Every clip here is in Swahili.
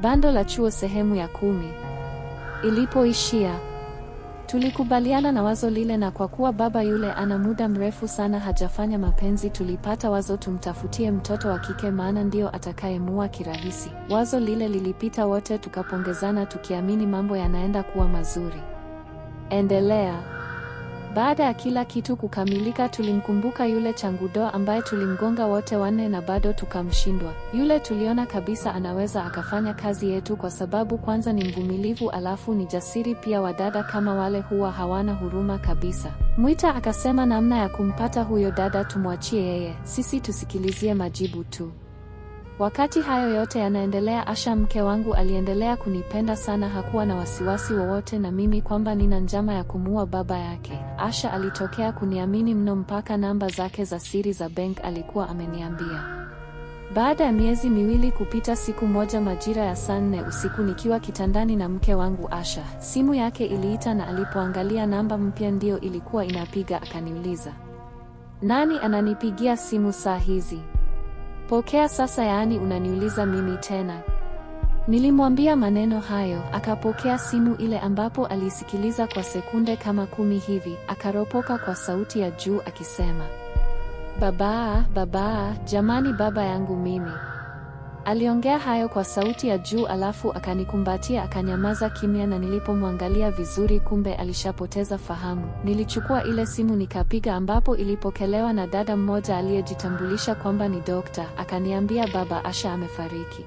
Bando la chuo sehemu ya kumi. Ilipoishia, tulikubaliana na wazo lile, na kwa kuwa baba yule ana muda mrefu sana hajafanya mapenzi, tulipata wazo tumtafutie mtoto wa kike, maana ndio atakayemua kirahisi. Wazo lile lilipita, wote tukapongezana tukiamini mambo yanaenda kuwa mazuri. Endelea. Baada ya kila kitu kukamilika, tulimkumbuka yule changudo ambaye tulimgonga wote wanne na bado tukamshindwa. Yule tuliona kabisa anaweza akafanya kazi yetu, kwa sababu kwanza ni mvumilivu, alafu ni jasiri pia. Wadada kama wale huwa hawana huruma kabisa. Mwita akasema namna ya kumpata huyo dada tumwachie yeye, sisi tusikilizie majibu tu. Wakati hayo yote yanaendelea, Asha mke wangu aliendelea kunipenda sana. Hakuwa na wasiwasi wowote na mimi kwamba nina njama ya kumuua baba yake. Asha alitokea kuniamini mno, mpaka namba zake za siri za bank alikuwa ameniambia. Baada ya miezi miwili kupita, siku moja majira ya saa nne usiku nikiwa kitandani na mke wangu Asha, simu yake iliita, na alipoangalia namba mpya ndiyo ilikuwa inapiga, akaniuliza, nani ananipigia simu saa hizi? Pokea sasa, yaani unaniuliza mimi tena? Nilimwambia maneno hayo, akapokea simu ile ambapo alisikiliza kwa sekunde kama kumi hivi, akaropoka kwa sauti ya juu akisema, Baba, baba, jamani baba yangu mimi. Aliongea hayo kwa sauti ya juu alafu akanikumbatia akanyamaza kimya na nilipomwangalia vizuri kumbe alishapoteza fahamu. Nilichukua ile simu nikapiga ambapo ilipokelewa na dada mmoja aliyejitambulisha kwamba ni dokta, akaniambia baba Asha amefariki.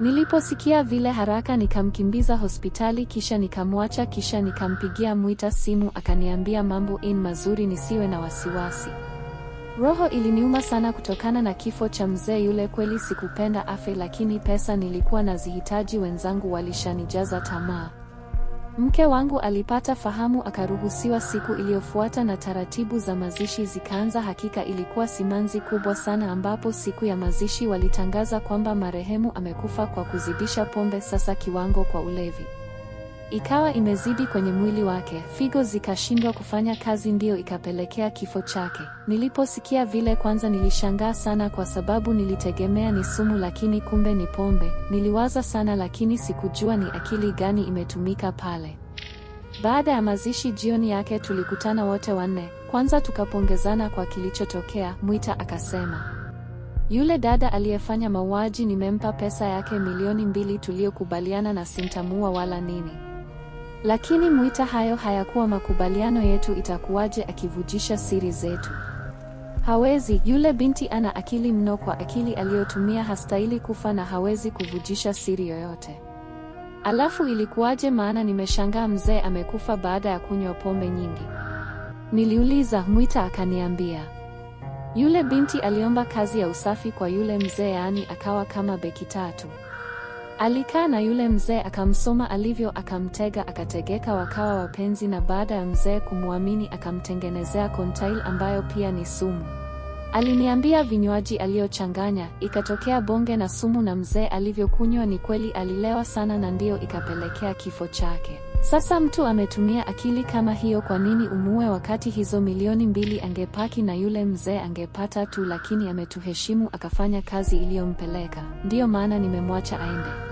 Niliposikia vile haraka nikamkimbiza hospitali kisha nikamwacha kisha nikampigia Mwita simu akaniambia mambo in mazuri nisiwe na wasiwasi. Roho iliniuma sana kutokana na kifo cha mzee yule. Kweli sikupenda afe, lakini pesa nilikuwa nazihitaji, wenzangu walishanijaza tamaa. Mke wangu alipata fahamu akaruhusiwa siku iliyofuata na taratibu za mazishi zikaanza. Hakika ilikuwa simanzi kubwa sana, ambapo siku ya mazishi walitangaza kwamba marehemu amekufa kwa kuzidisha pombe, sasa kiwango kwa ulevi ikawa imezidi kwenye mwili wake, figo zikashindwa kufanya kazi, ndiyo ikapelekea kifo chake. Niliposikia vile, kwanza nilishangaa sana, kwa sababu nilitegemea ni sumu, lakini kumbe ni pombe. Niliwaza sana, lakini sikujua ni akili gani imetumika pale. Baada ya mazishi jioni yake tulikutana wote wanne. Kwanza tukapongezana kwa kilichotokea. Mwita akasema, yule dada aliyefanya mauaji nimempa pesa yake milioni mbili tuliyokubaliana na sintamua wala nini. Lakini Mwita, hayo hayakuwa makubaliano yetu, itakuwaje akivujisha siri zetu? Hawezi. Yule binti ana akili mno, kwa akili aliyotumia hastahili kufa na hawezi kuvujisha siri yoyote. Alafu ilikuwaje? Maana nimeshangaa mzee amekufa baada ya kunywa pombe nyingi. Niliuliza Mwita akaniambia yule binti aliomba kazi ya usafi kwa yule mzee, yaani akawa kama beki tatu. Alikaa na yule mzee akamsoma alivyo, akamtega, akategeka, wakawa wapenzi, na baada ya mzee kumwamini akamtengenezea kontail ambayo pia ni sumu. Aliniambia vinywaji aliyochanganya, ikatokea bonge na sumu, na mzee alivyokunywa ni kweli alilewa sana, na ndiyo ikapelekea kifo chake. Sasa mtu ametumia akili kama hiyo, kwa nini umuue? Wakati hizo milioni mbili angepaki na yule mzee angepata tu, lakini ametuheshimu akafanya kazi iliyompeleka. Ndiyo maana nimemwacha aende.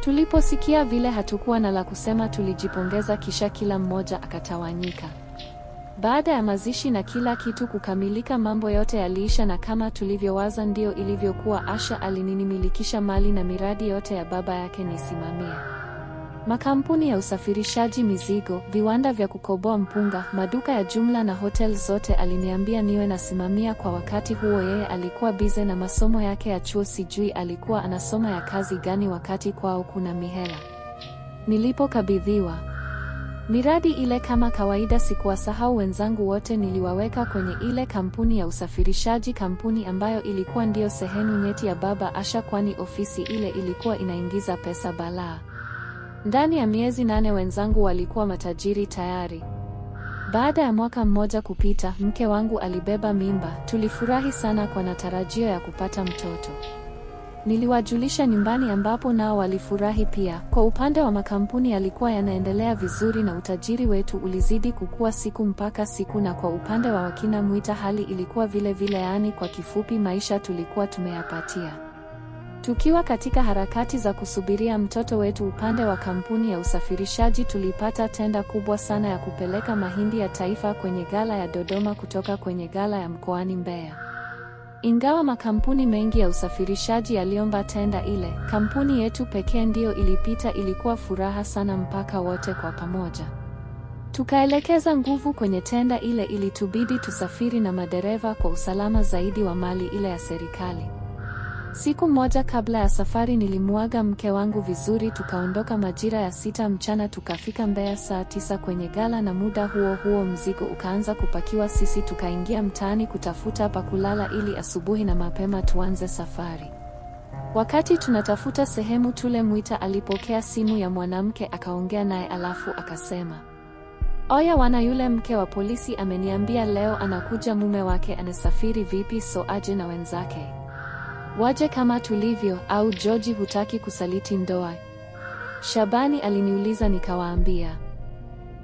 Tuliposikia vile hatukuwa na la kusema, tulijipongeza, kisha kila mmoja akatawanyika. Baada ya mazishi na kila kitu kukamilika, mambo yote yaliisha, na kama tulivyowaza ndio ilivyokuwa. Asha alininimilikisha mali na miradi yote ya baba yake nisimamia. Makampuni ya usafirishaji mizigo, viwanda vya kukoboa mpunga, maduka ya jumla na hotel zote aliniambia niwe nasimamia. Kwa wakati huo yeye alikuwa bize na masomo yake ya chuo, sijui alikuwa anasoma ya kazi gani wakati kwao kuna mihela. Nilipokabidhiwa miradi ile, kama kawaida, sikuwasahau wenzangu wote, niliwaweka kwenye ile kampuni ya usafirishaji, kampuni ambayo ilikuwa ndiyo sehemu nyeti ya Baba Asha, kwani ofisi ile ilikuwa inaingiza pesa balaa. Ndani ya miezi nane wenzangu walikuwa matajiri tayari. Baada ya mwaka mmoja kupita, mke wangu alibeba mimba. Tulifurahi sana kwa natarajio ya kupata mtoto. Niliwajulisha nyumbani ambapo nao walifurahi pia. Kwa upande wa makampuni yalikuwa yanaendelea vizuri na utajiri wetu ulizidi kukua siku mpaka siku, na kwa upande wa wakina Mwita hali ilikuwa vile vile, yaani kwa kifupi maisha tulikuwa tumeyapatia. Tukiwa katika harakati za kusubiria mtoto wetu upande wa kampuni ya usafirishaji tulipata tenda kubwa sana ya kupeleka mahindi ya taifa kwenye ghala ya Dodoma kutoka kwenye ghala ya mkoani Mbeya. Ingawa makampuni mengi ya usafirishaji yaliomba tenda ile, kampuni yetu pekee ndiyo ilipita. Ilikuwa furaha sana mpaka wote kwa pamoja. Tukaelekeza nguvu kwenye tenda ile, ilitubidi tusafiri na madereva kwa usalama zaidi wa mali ile ya serikali. Siku moja kabla ya safari nilimuaga mke wangu vizuri, tukaondoka majira ya sita mchana, tukafika Mbeya saa tisa kwenye gala, na muda huo huo mzigo ukaanza kupakiwa. Sisi tukaingia mtaani kutafuta pa kulala ili asubuhi na mapema tuanze safari. Wakati tunatafuta sehemu tule, Mwita alipokea simu ya mwanamke, akaongea naye alafu akasema, Oya wana, yule mke wa polisi ameniambia leo anakuja mume wake, anasafiri vipi? So aje na wenzake waje kama tulivyo au George hutaki kusaliti ndoa? Shabani aliniuliza nikawaambia,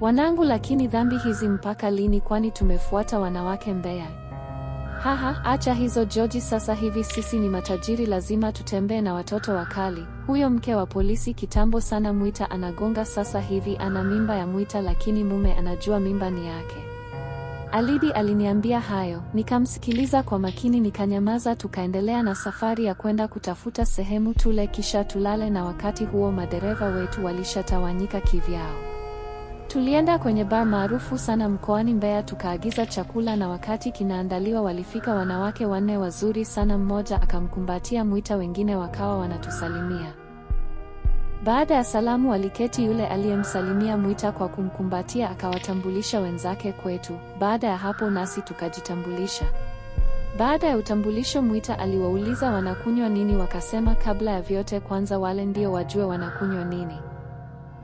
wanangu, lakini dhambi hizi mpaka lini? Kwani tumefuata wanawake Mbeya? Haha, acha hizo George, sasa hivi sisi ni matajiri, lazima tutembee na watoto wakali. Huyo mke wa polisi kitambo sana Mwita anagonga sasa hivi, ana mimba ya Mwita, lakini mume anajua mimba ni yake. Alidi aliniambia hayo, nikamsikiliza kwa makini, nikanyamaza. Tukaendelea na safari ya kwenda kutafuta sehemu tule kisha tulale, na wakati huo madereva wetu walishatawanyika kivyao. Tulienda kwenye baa maarufu sana mkoani Mbeya, tukaagiza chakula, na wakati kinaandaliwa walifika wanawake wanne wazuri sana. Mmoja akamkumbatia Mwita, wengine wakawa wanatusalimia. Baada ya salamu aliketi yule aliyemsalimia Mwita kwa kumkumbatia akawatambulisha wenzake kwetu. Baada ya hapo nasi tukajitambulisha. Baada ya utambulisho Mwita aliwauliza wanakunywa nini, wakasema kabla ya vyote kwanza wale ndio wajue wanakunywa nini.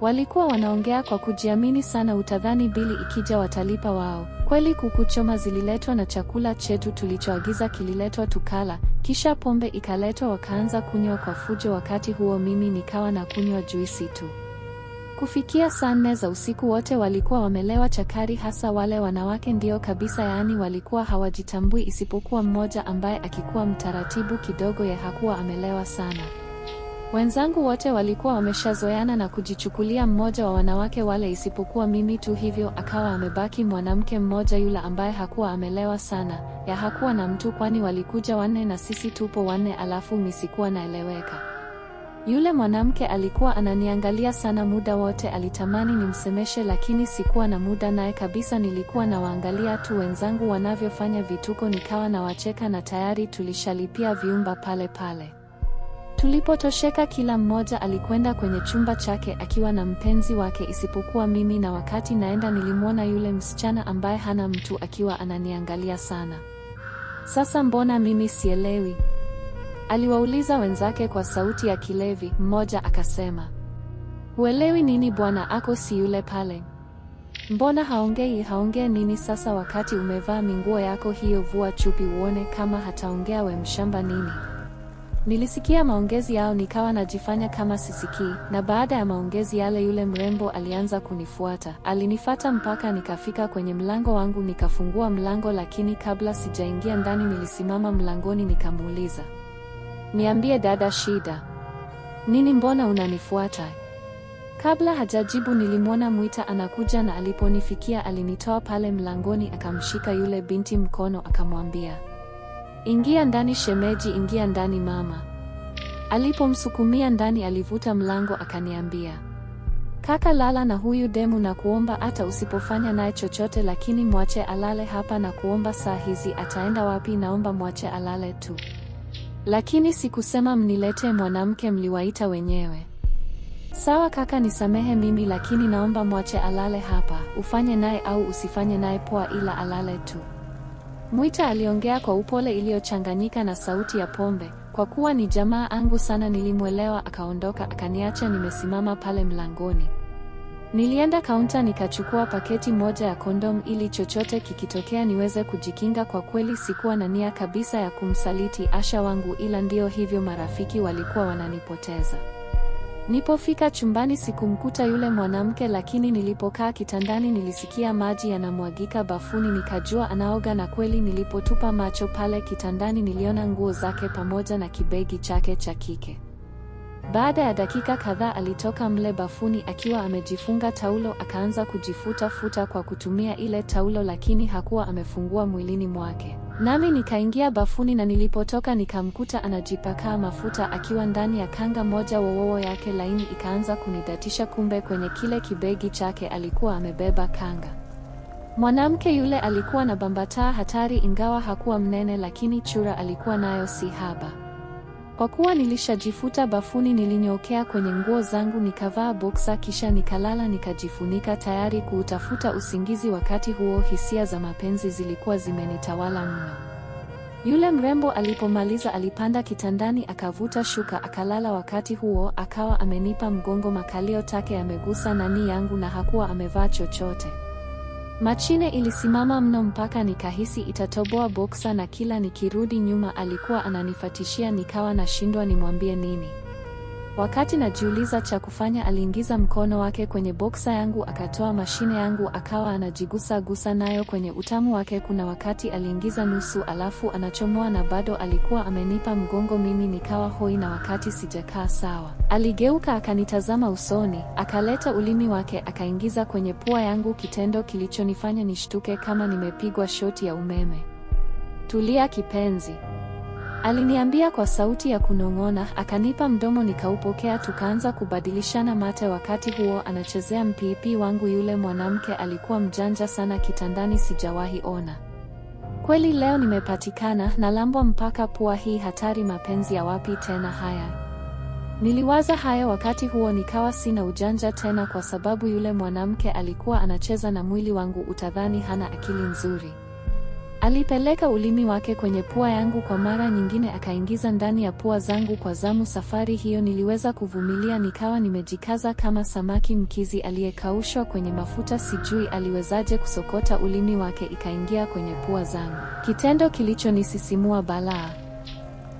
Walikuwa wanaongea kwa kujiamini sana, utadhani bili ikija watalipa wao. Kweli kuku choma zililetwa na chakula chetu tulichoagiza kililetwa tukala, kisha pombe ikaletwa wakaanza kunywa kwa fujo. Wakati huo mimi nikawa na kunywa juisi tu. Kufikia saa nne za usiku wote walikuwa wamelewa chakari, hasa wale wanawake ndio kabisa, yaani walikuwa hawajitambui isipokuwa mmoja ambaye akikuwa mtaratibu kidogo, ya hakuwa amelewa sana. Wenzangu wote walikuwa wameshazoeana na kujichukulia mmoja wa wanawake wale isipokuwa mimi tu, hivyo akawa amebaki mwanamke mmoja yule ambaye hakuwa amelewa sana, ya hakuwa na mtu, kwani walikuja wanne na sisi tupo wanne, alafu misikuwa naeleweka. Yule mwanamke alikuwa ananiangalia sana muda wote, alitamani nimsemeshe, lakini sikuwa na muda naye kabisa. Nilikuwa nawaangalia tu wenzangu wanavyofanya vituko, nikawa nawacheka, na tayari tulishalipia vyumba pale pale. Tulipotosheka kila mmoja alikwenda kwenye chumba chake akiwa na mpenzi wake isipokuwa mimi na wakati naenda nilimwona yule msichana ambaye hana mtu akiwa ananiangalia sana. Sasa mbona mimi sielewi? Aliwauliza wenzake kwa sauti ya kilevi, mmoja akasema. Huelewi nini bwana ako si yule pale? Mbona haongei haongee nini sasa wakati umevaa minguo yako hiyo vua chupi uone kama hataongea we mshamba nini? Nilisikia maongezi yao nikawa najifanya kama sisikii, na baada ya maongezi yale yule mrembo alianza kunifuata. Alinifata mpaka nikafika kwenye mlango wangu nikafungua mlango, lakini kabla sijaingia ndani nilisimama mlangoni nikamuuliza, niambie dada, shida nini? Mbona unanifuata? Kabla hajajibu nilimwona Mwita anakuja, na aliponifikia alinitoa pale mlangoni, akamshika yule binti mkono akamwambia Ingia ndani shemeji, ingia ndani mama. Alipomsukumia ndani, alivuta mlango akaniambia, kaka, lala na huyu demu na kuomba, hata usipofanya naye chochote, lakini mwache alale hapa na kuomba. Saa hizi ataenda wapi? Naomba mwache alale tu. Lakini sikusema mnilete mwanamke, mliwaita wenyewe. Sawa kaka, nisamehe mimi, lakini naomba mwache alale hapa. Ufanye naye au usifanye naye, poa, ila alale tu. Mwita aliongea kwa upole iliyochanganyika na sauti ya pombe. Kwa kuwa ni jamaa angu sana, nilimwelewa. Akaondoka akaniacha nimesimama pale mlangoni. Nilienda kaunta nikachukua paketi moja ya kondom ili chochote kikitokea niweze kujikinga. Kwa kweli sikuwa na nia kabisa ya kumsaliti Asha wangu, ila ndiyo hivyo, marafiki walikuwa wananipoteza. Nipofika chumbani sikumkuta yule mwanamke, lakini nilipokaa kitandani nilisikia maji yanamwagika bafuni, nikajua anaoga. Na kweli, nilipotupa macho pale kitandani niliona nguo zake pamoja na kibegi chake cha kike. Baada ya dakika kadhaa alitoka mle bafuni akiwa amejifunga taulo, akaanza kujifuta futa kwa kutumia ile taulo, lakini hakuwa amefungua mwilini mwake. Nami nikaingia bafuni na nilipotoka nikamkuta anajipaka mafuta akiwa ndani ya kanga moja. Wowowo yake laini ikaanza kunidatisha, kumbe kwenye kile kibegi chake alikuwa amebeba kanga. Mwanamke yule alikuwa na bambataa hatari, ingawa hakuwa mnene, lakini chura alikuwa nayo si haba. Kwa kuwa nilishajifuta bafuni, nilinyokea kwenye nguo zangu nikavaa boksa, kisha nikalala nikajifunika, tayari kuutafuta usingizi. Wakati huo hisia za mapenzi zilikuwa zimenitawala mno. Yule mrembo alipomaliza, alipanda kitandani, akavuta shuka, akalala. Wakati huo akawa amenipa mgongo, makalio take yamegusa nani yangu, na hakuwa amevaa chochote. Machine ilisimama mno mpaka nikahisi itatoboa boksa na kila nikirudi nyuma alikuwa ananifatishia nikawa nashindwa nimwambie nini. Wakati najiuliza cha kufanya, aliingiza mkono wake kwenye boksa yangu akatoa mashine yangu akawa anajigusa gusa nayo kwenye utamu wake. Kuna wakati aliingiza nusu alafu anachomoa, na bado alikuwa amenipa mgongo, mimi nikawa hoi, na wakati sijakaa sawa, aligeuka akanitazama usoni, akaleta ulimi wake akaingiza kwenye pua yangu, kitendo kilichonifanya nishtuke kama nimepigwa shoti ya umeme. Tulia kipenzi. Aliniambia kwa sauti ya kunong'ona, akanipa mdomo nikaupokea, tukaanza kubadilishana mate. Wakati huo anachezea mpipi wangu. Yule mwanamke alikuwa mjanja sana kitandani, sijawahi ona. Kweli leo nimepatikana na lambwa mpaka pua. Hii hatari! Mapenzi ya wapi tena haya? Niliwaza haya wakati huo, nikawa sina ujanja tena, kwa sababu yule mwanamke alikuwa anacheza na mwili wangu, utadhani hana akili nzuri. Alipeleka ulimi wake kwenye pua yangu kwa mara nyingine, akaingiza ndani ya pua zangu kwa zamu. Safari hiyo niliweza kuvumilia, nikawa nimejikaza kama samaki mkizi aliyekaushwa kwenye mafuta. Sijui aliwezaje kusokota ulimi wake ikaingia kwenye pua zangu, kitendo kilichonisisimua balaa.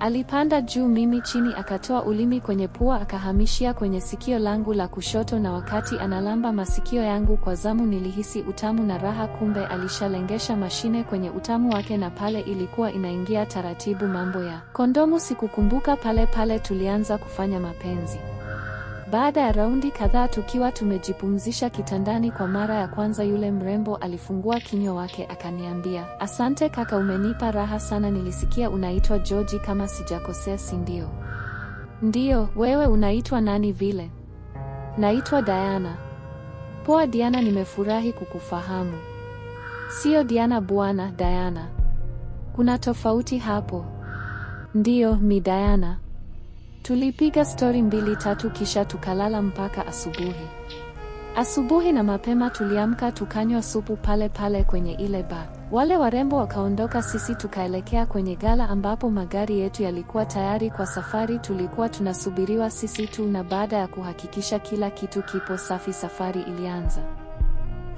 Alipanda juu mimi chini, akatoa ulimi kwenye pua, akahamishia kwenye sikio langu la kushoto, na wakati analamba masikio yangu kwa zamu, nilihisi utamu na raha. Kumbe alishalengesha mashine kwenye utamu wake, na pale ilikuwa inaingia taratibu. Mambo ya kondomu sikukumbuka, pale pale tulianza kufanya mapenzi. Baada ya raundi kadhaa tukiwa tumejipumzisha kitandani kwa mara ya kwanza, yule mrembo alifungua kinywa wake akaniambia, asante kaka, umenipa raha sana. Nilisikia unaitwa joji kama sijakosea, si ndio? Ndiyo, wewe unaitwa nani vile? Naitwa Diana. Poa Diana, nimefurahi kukufahamu. Siyo Diana bwana, Diana. Kuna tofauti hapo. Ndiyo, mi Diana. Tulipiga stori mbili tatu kisha tukalala mpaka asubuhi. Asubuhi na mapema tuliamka tukanywa supu pale pale kwenye ile bar. Wale warembo wakaondoka, sisi tukaelekea kwenye gala ambapo magari yetu yalikuwa tayari kwa safari. Tulikuwa tunasubiriwa sisi tu, na baada ya kuhakikisha kila kitu kipo safi, safari ilianza.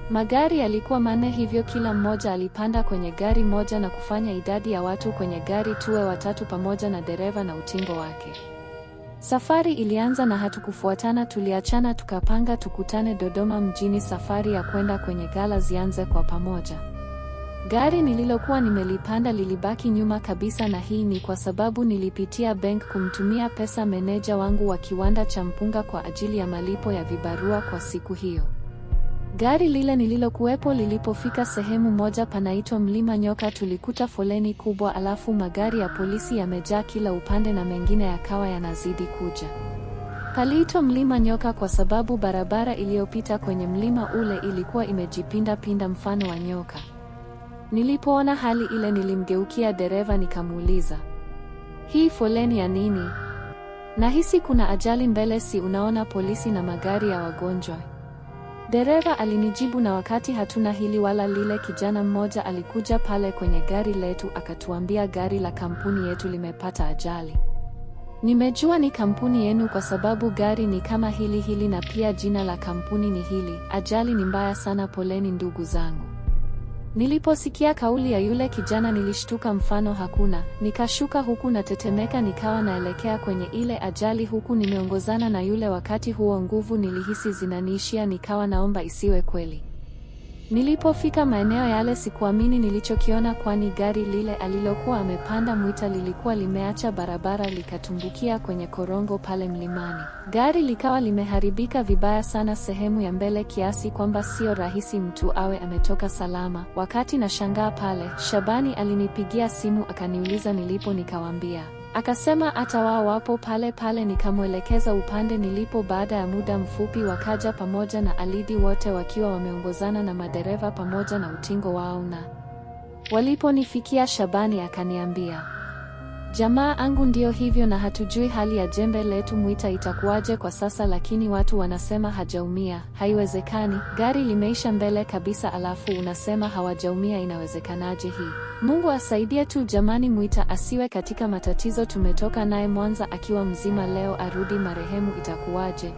Magari yalikuwa manne, hivyo kila mmoja alipanda kwenye gari moja na kufanya idadi ya watu kwenye gari tuwe watatu pamoja na dereva na utingo wake. Safari ilianza na hatukufuatana, tuliachana, tukapanga tukutane Dodoma mjini, safari ya kwenda kwenye gala zianze kwa pamoja. Gari nililokuwa nimelipanda lilibaki nyuma kabisa, na hii ni kwa sababu nilipitia bank kumtumia pesa meneja wangu wa kiwanda cha mpunga kwa ajili ya malipo ya vibarua kwa siku hiyo. Gari lile nililokuwepo lilipofika sehemu moja panaitwa Mlima Nyoka, tulikuta foleni kubwa, alafu magari ya polisi yamejaa kila upande na mengine yakawa yanazidi kuja. Paliitwa Mlima Nyoka kwa sababu barabara iliyopita kwenye mlima ule ilikuwa imejipinda pinda mfano wa nyoka. Nilipoona hali ile, nilimgeukia dereva nikamuuliza, hii foleni ya nini? Nahisi kuna ajali mbele, si unaona polisi na magari ya wagonjwa. Dereva alinijibu na wakati hatuna hili wala lile, kijana mmoja alikuja pale kwenye gari letu akatuambia gari la kampuni yetu limepata ajali. Nimejua ni kampuni yenu kwa sababu gari ni kama hili hili na pia jina la kampuni ni hili. Ajali ni mbaya sana, poleni ndugu zangu. Niliposikia kauli ya yule kijana nilishtuka, mfano hakuna. Nikashuka huku natetemeka, nikawa naelekea kwenye ile ajali, huku nimeongozana na yule. Wakati huo nguvu nilihisi zinaniishia, nikawa naomba isiwe kweli. Nilipofika maeneo yale sikuamini nilichokiona, kwani gari lile alilokuwa amepanda Mwita lilikuwa limeacha barabara likatumbukia kwenye korongo pale mlimani. Gari likawa limeharibika vibaya sana sehemu ya mbele kiasi kwamba sio rahisi mtu awe ametoka salama. Wakati nashangaa pale, Shabani alinipigia simu akaniuliza nilipo, nikawambia Akasema atawao wapo pale pale, nikamwelekeza upande nilipo. Baada ya muda mfupi wakaja pamoja na Alidi, wote wakiwa wameongozana na madereva pamoja na utingo wao, na waliponifikia Shabani akaniambia Jamaa angu ndio hivyo na hatujui hali ya jembe letu Mwita itakuwaje kwa sasa, lakini watu wanasema hajaumia. Haiwezekani, gari limeisha mbele kabisa, alafu unasema hawajaumia, inawezekanaje hii? Mungu asaidie tu jamani, Mwita asiwe katika matatizo. Tumetoka naye Mwanza akiwa mzima, leo arudi marehemu, itakuwaje?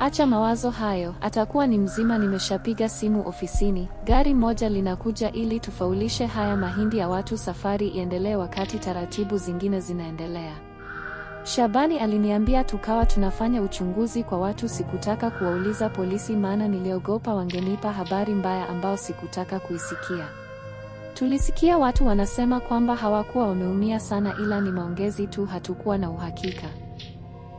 Acha mawazo hayo, atakuwa ni mzima. Nimeshapiga simu ofisini, gari moja linakuja ili tufaulishe haya mahindi ya watu. Safari iendelee wakati taratibu zingine zinaendelea. Shabani aliniambia tukawa tunafanya uchunguzi kwa watu. Sikutaka kuwauliza polisi, maana niliogopa wangenipa habari mbaya ambao sikutaka kuisikia. Tulisikia watu wanasema kwamba hawakuwa wameumia sana, ila ni maongezi tu, hatukuwa na uhakika.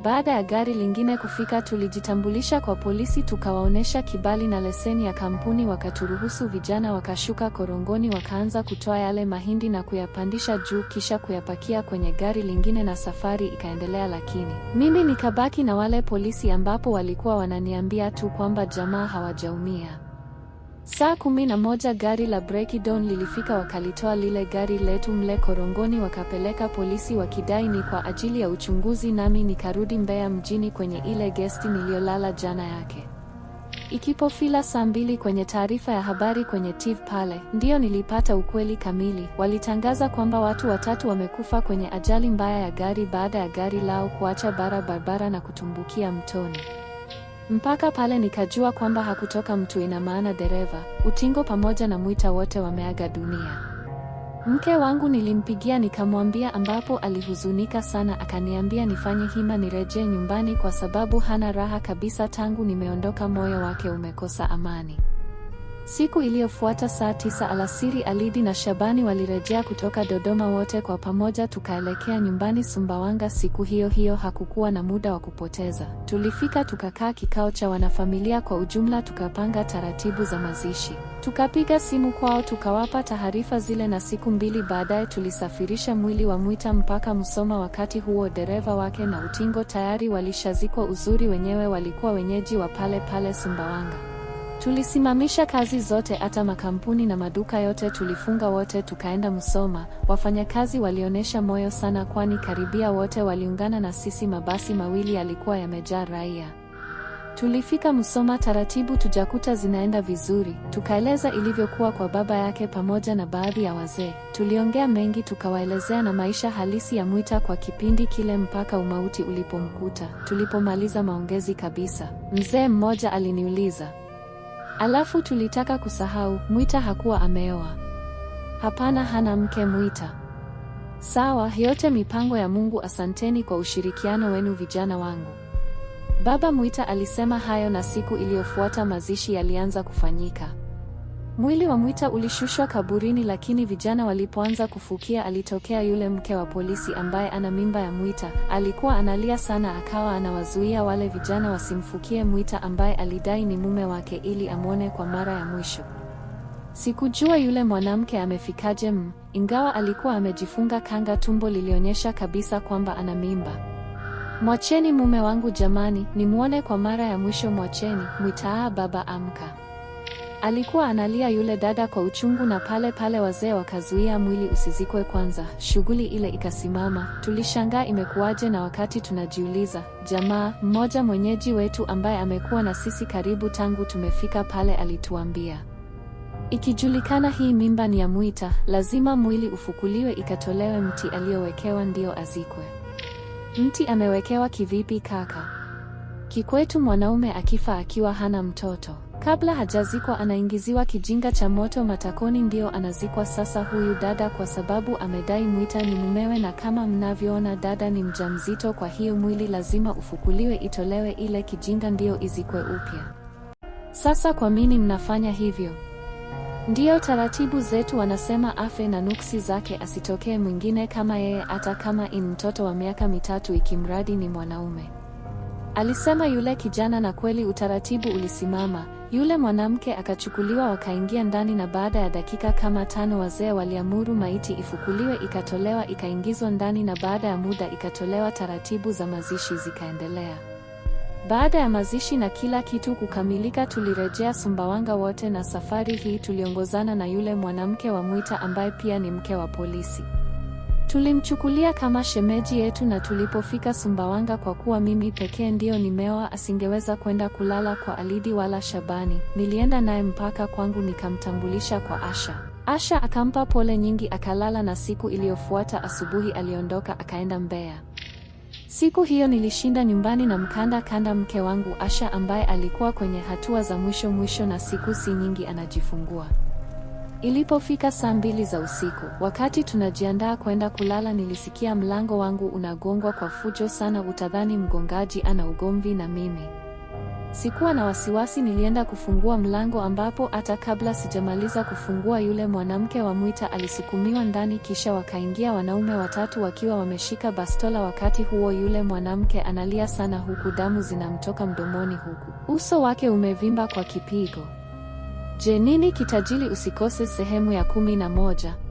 Baada ya gari lingine kufika, tulijitambulisha kwa polisi, tukawaonyesha kibali na leseni ya kampuni, wakaturuhusu. Vijana wakashuka korongoni, wakaanza kutoa yale mahindi na kuyapandisha juu, kisha kuyapakia kwenye gari lingine, na safari ikaendelea. Lakini mimi nikabaki na wale polisi, ambapo walikuwa wananiambia tu kwamba jamaa hawajaumia. Saa kumi na moja gari la Break Down lilifika, wakalitoa lile gari letu mle korongoni, wakapeleka polisi wakidai ni kwa ajili ya uchunguzi, nami nikarudi Mbeya mjini kwenye ile gesti niliyolala jana yake. Ikipofila saa mbili kwenye taarifa ya habari kwenye TV pale ndiyo nilipata ukweli kamili. Walitangaza kwamba watu watatu wamekufa kwenye ajali mbaya ya gari baada ya gari lao kuacha bara barabara na kutumbukia mtoni. Mpaka pale nikajua kwamba hakutoka mtu, ina maana dereva, utingo pamoja na Mwita wote wameaga dunia. Mke wangu nilimpigia nikamwambia, ambapo alihuzunika sana, akaniambia nifanye hima nirejee nyumbani kwa sababu hana raha kabisa tangu nimeondoka, moyo wake umekosa amani. Siku iliyofuata saa tisa alasiri Alidi na Shabani walirejea kutoka Dodoma wote kwa pamoja tukaelekea nyumbani Sumbawanga siku hiyo hiyo hakukuwa na muda wa kupoteza. Tulifika tukakaa kikao cha wanafamilia kwa ujumla tukapanga taratibu za mazishi. Tukapiga simu kwao tukawapa taarifa zile na siku mbili baadaye tulisafirisha mwili wa Mwita mpaka Musoma wakati huo dereva wake na utingo tayari walishazikwa uzuri wenyewe walikuwa wenyeji wa pale pale Sumbawanga. Tulisimamisha kazi zote, hata makampuni na maduka yote tulifunga, wote tukaenda Musoma. Wafanyakazi walionyesha moyo sana, kwani karibia wote waliungana na sisi. Mabasi mawili yalikuwa yamejaa raia. Tulifika Musoma taratibu, tujakuta zinaenda vizuri. Tukaeleza ilivyokuwa kwa baba yake pamoja na baadhi ya wazee. Tuliongea mengi, tukawaelezea na maisha halisi ya Mwita kwa kipindi kile mpaka umauti ulipomkuta. Tulipomaliza maongezi kabisa, mzee mmoja aliniuliza Alafu tulitaka kusahau, Mwita hakuwa ameoa. Hapana, hana mke Mwita. Sawa, yote mipango ya Mungu. Asanteni kwa ushirikiano wenu vijana wangu. Baba Mwita alisema hayo na siku iliyofuata mazishi yalianza kufanyika. Mwili wa Mwita ulishushwa kaburini, lakini vijana walipoanza kufukia, alitokea yule mke wa polisi ambaye ana mimba ya Mwita. Alikuwa analia sana, akawa anawazuia wale vijana wasimfukie Mwita ambaye alidai ni mume wake ili amwone kwa mara ya mwisho. Sikujua yule mwanamke amefikaje m, mm. ingawa alikuwa amejifunga kanga, tumbo lilionyesha kabisa kwamba ana mimba. Mwacheni mume wangu jamani, nimwone kwa mara ya mwisho, mwacheni. Mwita, ah, baba amka. Alikuwa analia yule dada kwa uchungu, na pale pale wazee wakazuia mwili usizikwe kwanza. Shughuli ile ikasimama. Tulishangaa imekuwaje, na wakati tunajiuliza, jamaa mmoja mwenyeji wetu ambaye amekuwa na sisi karibu tangu tumefika pale alituambia ikijulikana hii mimba ni ya Mwita, lazima mwili ufukuliwe, ikatolewe mti aliyowekewa ndiyo azikwe. Mti amewekewa kivipi kaka? Kikwetu mwanaume akifa akiwa hana mtoto Kabla hajazikwa anaingiziwa kijinga cha moto matakoni ndio anazikwa sasa huyu dada kwa sababu amedai Mwita ni mumewe na kama mnavyoona dada ni mjamzito kwa hiyo mwili lazima ufukuliwe itolewe ile kijinga ndio izikwe upya. Sasa kwa nini mnafanya hivyo? Ndiyo taratibu zetu wanasema afe na nuksi zake asitokee mwingine kama yeye hata kama in mtoto wa miaka mitatu ikimradi ni mwanaume. Alisema yule kijana na kweli utaratibu ulisimama. Yule mwanamke akachukuliwa wakaingia ndani na baada ya dakika kama tano wazee waliamuru maiti ifukuliwe ikatolewa ikaingizwa ndani na baada ya muda ikatolewa taratibu za mazishi zikaendelea. Baada ya mazishi na kila kitu kukamilika tulirejea Sumbawanga wote na safari hii tuliongozana na yule mwanamke wa Mwita ambaye pia ni mke wa polisi. Tulimchukulia kama shemeji yetu na tulipofika Sumbawanga kwa kuwa mimi pekee ndiyo nimeoa asingeweza kwenda kulala kwa Alidi wala Shabani. Nilienda naye mpaka kwangu nikamtambulisha kwa Asha. Asha akampa pole nyingi akalala na siku iliyofuata asubuhi aliondoka akaenda Mbeya. Siku hiyo nilishinda nyumbani na mkanda kanda mke wangu Asha ambaye alikuwa kwenye hatua za mwisho mwisho na siku si nyingi anajifungua. Ilipofika saa mbili za usiku, wakati tunajiandaa kwenda kulala, nilisikia mlango wangu unagongwa kwa fujo sana, utadhani mgongaji ana ugomvi na mimi. Sikuwa na wasiwasi, nilienda kufungua mlango, ambapo hata kabla sijamaliza kufungua, yule mwanamke wa Mwita alisukumiwa ndani, kisha wakaingia wanaume watatu wakiwa wameshika bastola. Wakati huo yule mwanamke analia sana, huku damu zinamtoka mdomoni, huku uso wake umevimba kwa kipigo. Je, nini Usikose sehemu ya kumi na moja.